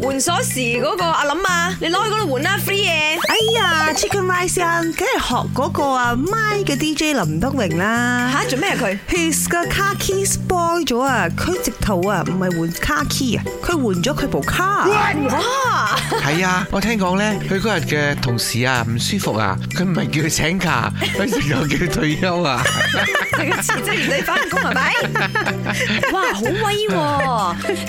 換鎖匙嗰、嗰個阿林啊你攞，你攞去嗰度換啦，free 嘢。哎呀，Chicken Rice 梗係學嗰個啊，My 嘅 DJ 林德榮啦。吓，做咩啊佢？His 個卡 key, car key spoil 咗啊，佢直頭啊唔係換卡 key 啊，佢換咗佢部 car。哇！係啊，我聽講咧，佢嗰日嘅同事啊唔舒服啊，佢唔係叫佢請假，佢直頭叫佢退休啊。 辭職唔使翻工係咪？哇，好威！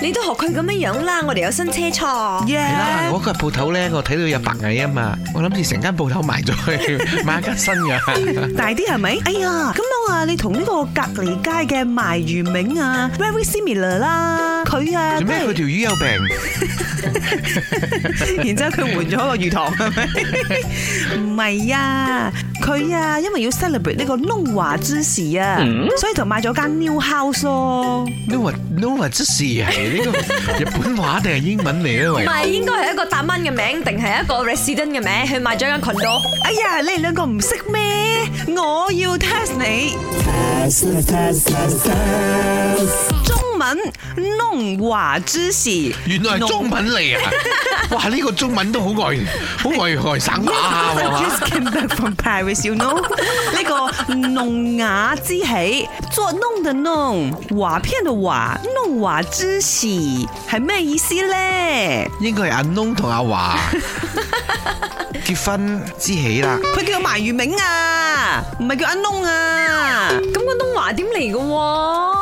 你都學佢咁樣樣啦。我哋有新車坐。如果佢係鋪頭咧，我睇到有白蟻啊嘛，我諗住成間鋪頭賣咗佢，買一間新嘅大啲係咪？哎呀，咁我話，你同呢個隔籬街嘅賣魚名啊，very similar 啦。佢啊，做咩？佢條魚有病，然之後佢換咗個魚塘係咪？唔係啊。佢啊，因為要 celebrate 呢個龍華之士啊，所以就買咗間 new house 龍華龍華之士係呢個日本話定係英文嚟啊？唔係， 應該係一個達蚊嘅名，定係一個 resident 嘅名，佢買咗間 condo。哎呀，你哋兩個唔識咩？我要 test 你。弄瓦之喜，原來係中文嚟啊！ 哇，呢、這個中文都好外，好外外省話啊！Just came back from Paris, you know? 呢個弄瓦之喜，作弄的弄，瓦片的瓦，弄瓦之喜係咩意思咧？應該係阿弄同阿華結婚之喜啦！佢叫埋原名啊，唔係叫阿弄啊！咁阿東華點嚟噶？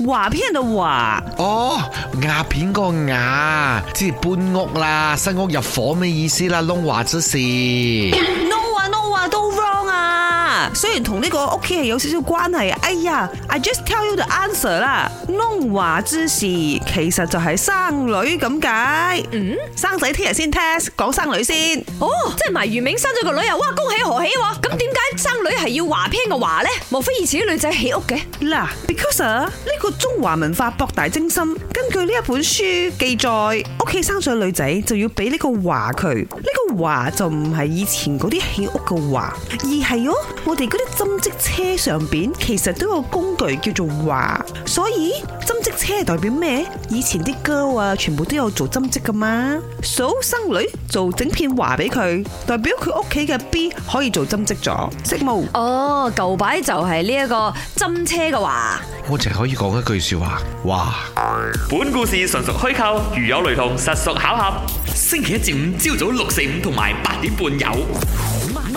瓦片的瓦，哦，瓦片個瓦，即係搬屋啦，新屋入伙咩意思啦，窿話之事雖然同呢個屋企係有少少關係，哎呀，I just tell you the answer 啦，弄瓦之事其實就係生女咁解。嗯，生仔聽日先 test，講生女先。哦，即係埋余明生咗個女又哇，恭喜何喜、啊。咁點解生女係要瓦片嘅瓦呢？莫非以前啲女仔起屋嘅？嗱，because 呢個中華文化博大精深，根據呢一本書記載，屋企生咗女仔就要俾呢個瓦佢。呢、這個瓦就唔係以前嗰啲起屋嘅瓦，而係我、哦。我哋嗰啲針織車上邊，其實都有工具叫做話。所以針織車係代表咩？以前啲 girl 啊，全部都有做針織噶嘛。數生女做整片話俾佢，代表佢屋企嘅 B 可以做針織咗織毛。哦，舊擺就係呢一個針車嘅話。話我淨係可以講一句說話，哇！本故事純屬虛構，如有雷同，實屬巧合。星期一至五朝早六四五同埋八點半有。